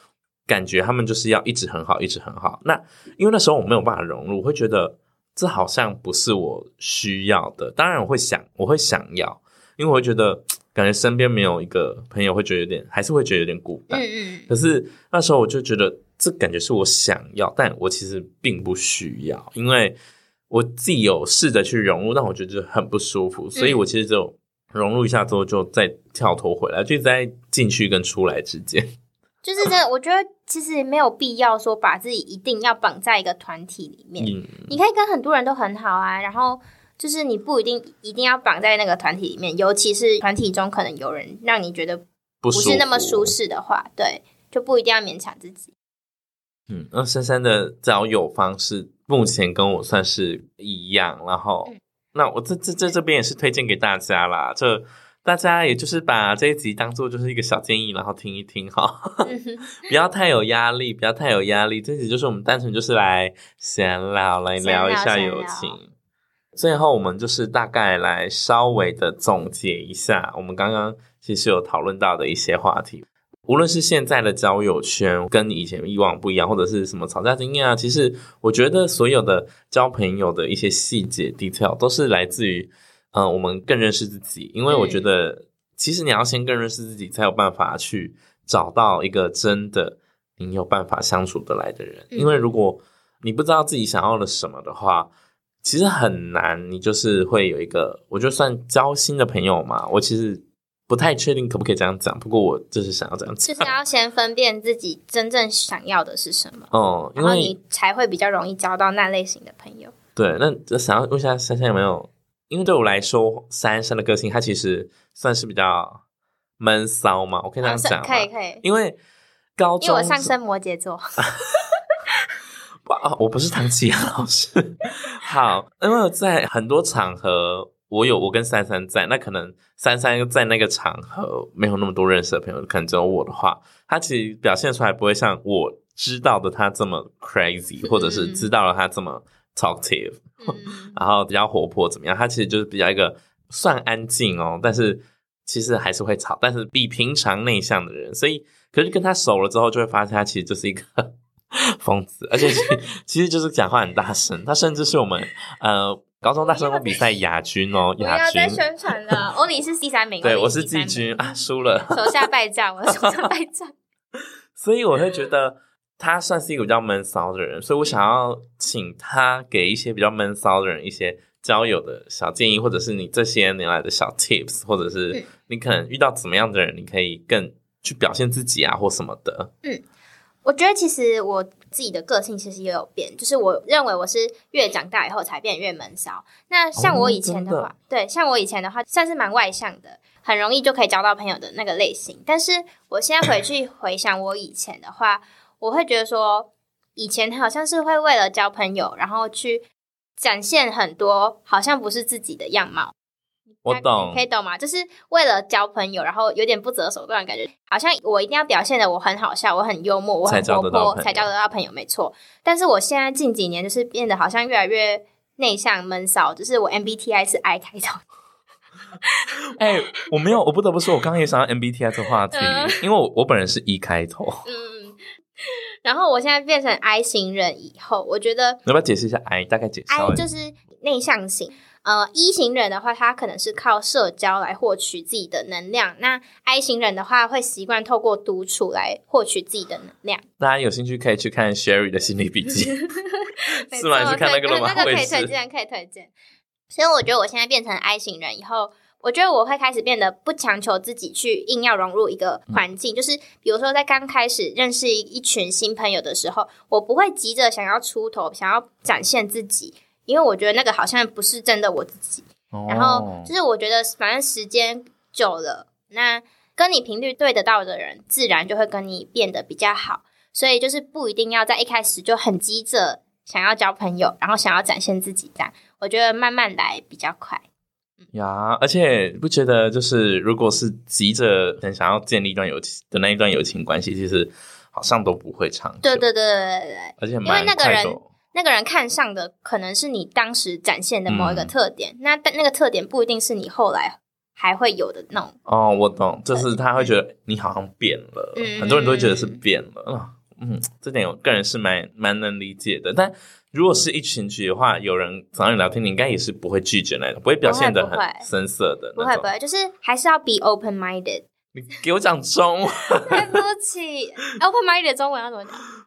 感覺他們就是要一直很好，一直很好。那因為那時候我沒有辦法融入，我會覺得這好像不是我需要的。當然我會想，我會想要，因為我會覺得感覺身邊沒有一個朋友，會覺得有點，還是會覺得有點孤單。可是那時候我就覺得，這感覺是我想要，但我其實並不需要，因為。我自己有試着去融入，但我覺得就很不舒服，嗯，所以我其實就融入一下之後就再跳脫回來，就在進去跟出來之間。就是這，我覺得其實也沒有必要說把自己一定要綁在一個團體裡面。嗯。你可以跟很多人都很好啊，然後就是你不一定一定要綁在那個團體裡面，尤其是團體中可能有人讓你覺得不是那麼舒適的話，對，就不一定要勉強自己。嗯，那珊珊的交友方式。目前跟我算是一樣，然後那我這這這這邊也是推薦給大家啦，就大家也就是把這一集當做就是一個小建議，然後聽一聽哈， 不要太有壓力，不要太有壓力，這集就是我們單純就是來閒聊來聊一下友情，最後我們就是大概來稍微的總結一下我們剛剛其實有討論到的一些話題。無論是現在的交友圈跟以前以往不一樣，或者是什麼吵架經驗啊，其實我覺得所有的交朋友的一些細節 detail 都是來自於，嗯、呃，我們更認識自己。因為我覺得，其實你要先更認識自己，才有辦法去找到一個真的你有辦法相處得來的人、嗯。因為如果你不知道自己想要了什麼的話，其實很難。你就是會有一個，我就算交新的朋友嘛，我其實。不太確定可不可以這樣講，不過我就是想要這樣講，就是要先分辨自己真正想要的是什麼，嗯、哦，然後你才會比較容易交到那類型的朋友。對，那就想要問一下珊珊有沒有、嗯？因為對我來說，珊珊的個性她其實算是比較悶騷嘛，我可以這樣講、啊，可以可以。因為高中，因為我上升摩羯座， 不，我不是唐綺陽老師。 好，因為我在很多場合。我有我跟三三在，那可能三三在那個場合沒有那麼多認識的朋友，可能只有我的話，他其實表現出來不會像我知道的他這麼 crazy，或者是知道了他這麼 talkative，、嗯、然後比較活潑怎麼樣？他其實就是比較一個算安靜哦，但是其實還是會吵，但是比平常內向的人。所以可是跟他熟了之後，就會發現他其實就是一個瘋子，而且其實就是講話很大聲。他甚至是我們呃。高中、大學我比賽亞軍哦，亞軍。不要再宣傳了，歐 尼、喔、是第三名。對，喔、是我是季軍啊，輸了，手下敗將，我手下敗將。輸 所以我會覺得他算是一個比較悶騷的人，所以我想要請他給一些比較悶騷的人一些交友的小建議，或者是你這些年來的小 tips，或者是你可能遇到怎麼樣的人，你可以更去表現自己啊，或什麼的。嗯。我覺得其實我自己的個性其實也有變，就是我認為我是越長大以後才變越悶騷。那像我以前的話，嗯，真的。對，像我以前的話算是蠻外向的，很容易就可以交到朋友的那個類型。但是我現在回去回想我以前的話， 我會覺得說，以前好像是會為了交朋友，然後去展現很多好像不是自己的樣貌。我懂，可以懂嗎？就是為了交朋友，然後有點不擇手段的感覺，好像我一定要表現的我很好笑，我很幽默，我很活潑，才交得到朋友，朋友沒錯。但是我現在近幾年就是變得好像越來越內向悶騷，就是我 MBTI 是 I 開頭。哎、欸，我沒有，我不得不說，我剛剛也想到 MBTI 這話題， 因為我我本人是 E 開頭。嗯，然後我現在變成 I 型人以後，我覺得你要不要解釋一下 I？大概解釋，I 就是內向型。呃，E 型人的話，他可能是靠社交來獲取自己的能量。那 I 型人的話，會習慣透過獨處來獲取自己的能量。大家有興趣可以去看 Sherry 的心理筆記， 沒錯 是嗎？看過嗎？那個可以推薦 可以推薦。所以我覺得我現在變成 I 型人以後，我覺得我會開始變得不強求自己去硬要融入一個環境，嗯。就是比如說在剛開始認識一群新朋友的時候，我不會急着想要出頭，想要展現自己。因為我覺得那個好像不是真的我自己、哦，然後就是我覺得反正時間久了，那跟你頻率對得到的人，自然就會跟你變得比較好，所以就是不一定要在一開始就很急着想要交朋友，然後想要展現自己這樣，我覺得慢慢來比較快。呀，而且不覺得就是如果是急着很想要建立一段友情的那一段友情關係，其、就、實、是、好像都不會長久對對對，對對對對對，而且蠻因為那個人。那個人看上的可能是你當時展現的某一個特點、嗯，那但那個特點不一定是你後來還會有的那種。哦，我懂，就是他會覺得你好像變了、嗯，很多人都會覺得是變了、哦。嗯，這點我個人是蠻蠻能理解的。但如果是一群聚的話，嗯、有人找你聊天，你應該也是不會拒絕那種，不會表現得很深色的。不會不會，就是還是要 be open minded。你給我講中文。 對不起 ，open minded 中文要怎麼講？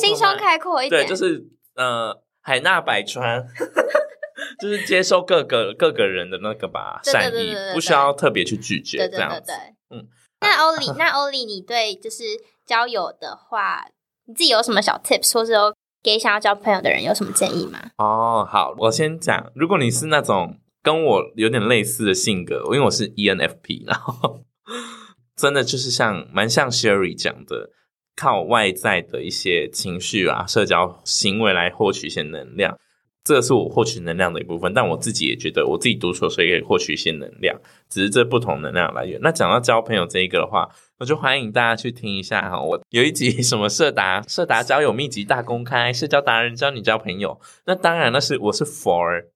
心、啊、胸開闊一、啊、一點，對，就是呃，海納百川， 就是接受各個各個人的那個吧， 善意，對對對對對對，不需要特別去拒絕，對對對對對對，這樣子。嗯，那歐里、啊，那歐里，你對就是交友的話，你自己有什麼小 Tips，或是說給想要交朋友的人有什麼建議嗎？哦，好，我先講。如果你是那種跟我有點類似的性格，因為我是 ENFP，然後真的就是像蠻像 Sherry 講的。靠外在的一些情緒啊、社交行為來獲取一些能量，這是我獲取能量的一部分。但我自己也覺得，我自己獨處，所以可以獲取一些能量，只是這不同能量來源。那講到交朋友這一個的話，我就歡迎大家去聽一下哈。我有一集什麼社“社達社達交友秘籍大公開”，社交達人教你交朋友。那當然，那是我是 for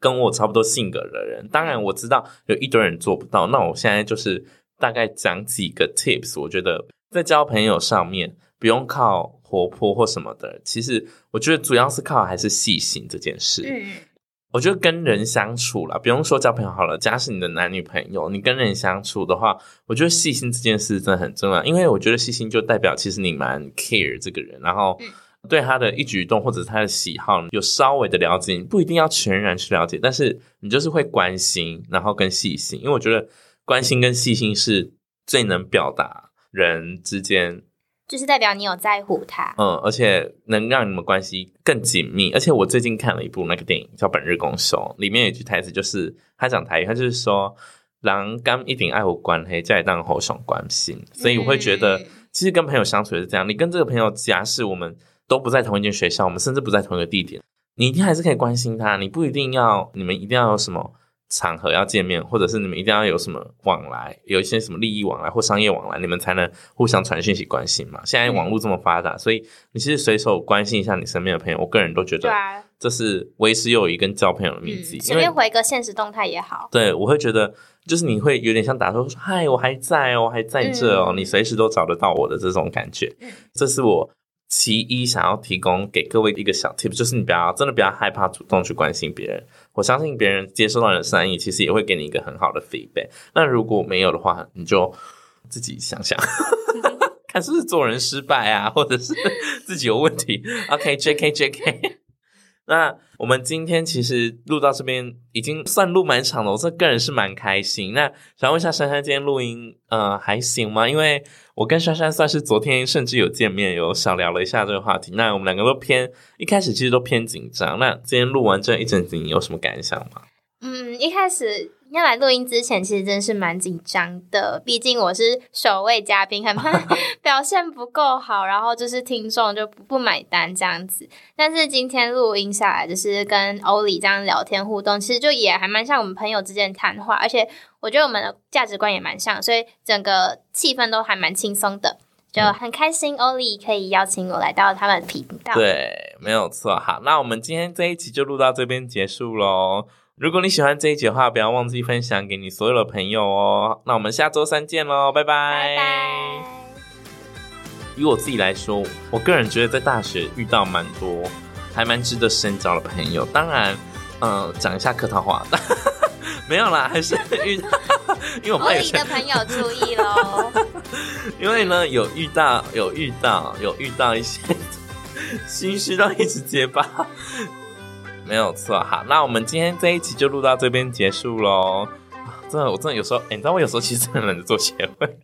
跟我差不多性格的人。當然我知道有一堆人做不到，那我現在就是大概講幾個 tips，我覺得。在交朋友上面，不用靠活潑或什麼的。其實，我覺得主要是靠還是細心這件事。嗯，我覺得跟人相處了，不用說交朋友好了。假如是你的男女朋友，你跟人相處的話，我覺得細心這件事真的很重要。因為我覺得細心就代表其實你蠻 care 這個人，然後對他的一舉一動或者他的喜好有稍微的了解，你不一定要全然去了解，但是你就是會關心，然後跟細心。因為我覺得關心跟細心是最能表達。人之間，就是代表你有在乎他，嗯，而且能讓你們關係更緊密。而且我最近看了一部那個電影叫《本日公休》，裡面有一句台詞，就是他講台語，他就是說：“狼剛一定愛護關黑，叫你當好想關心。”所以我會覺得，其實跟朋友相處是這樣，你跟這個朋友，假設我們都不在同一間學校，我們甚至不在同一個地點，你一定還是可以關心他，你不一定要，你們一定要有什麼場合要見面，或者是你們一定要有什麼往來，有一些什麼利益往來或商業往來，你們才能互相傳訊息關心嘛。現在網絡這麼發達，嗯，所以你其實隨手關心一下你身邊的朋友，我個人都覺得這是維持友誼跟交朋友的秘籍。隨、嗯、便回個限時動態也好。對，我會覺得就是你會有點像打招呼說嗨，我還在哦，喔，還在這哦，喔，嗯，你隨時都找得到我的這種感覺。這是我其一想要提供給各位的一個小 tip，就是你不要真的不要害怕主動去關心別人。我相信別人接受到你的善意，其實也會給你一個很好的 feedback。那如果沒有的話，你就自己想想， 看是不是做人失敗啊，或者是自己有問題。 OK，JKJK、okay。那我們今天其實錄到這邊已經算錄蠻長了，我這個人是蠻開心。那想問一下珊珊，今天錄音呃還行嗎？因為我跟珊珊算是昨天甚至有見面，有小聊了一下這個話題。那我們兩個都偏，一開始其實都偏緊張。那今天錄完這一整集，你有什麼感想嗎？嗯，一開始。今天來錄音之前，其實真是蠻緊張的，畢竟我是首位嘉賓，很怕表現不夠好， 然後就是聽眾就不不買單這樣子。但是今天錄音下來，就是跟歐里這樣聊天互動，其實就也還蠻像我們朋友之間的談話，而且我覺得我們的價值觀也蠻像，所以整個氣氛都還蠻輕鬆的，就很開心歐里可以邀請我來到他們的頻道。對，沒有錯。好，那我們今天這一期就錄到這邊結束嘍。如果你喜歡這一集的話，不要忘記分享給你所有的朋友哦、喔。那我們下周三見嘍，拜拜。拜拜。以我自己來說，我個人覺得在大學遇到蠻多，還蠻值得深交的朋友。當然，嗯、呃，講一下客套話， 沒有啦，還是遇到。 因為我不的朋友注意嘍。 因為呢，有遇到，有遇到，有遇到一些心虛到一直結巴。沒有錯，好，那我們今天這一期就錄到這邊結束嘍。啊，真的，我真的有時候，誒，你知道我有時候其實真的很懶得做協會。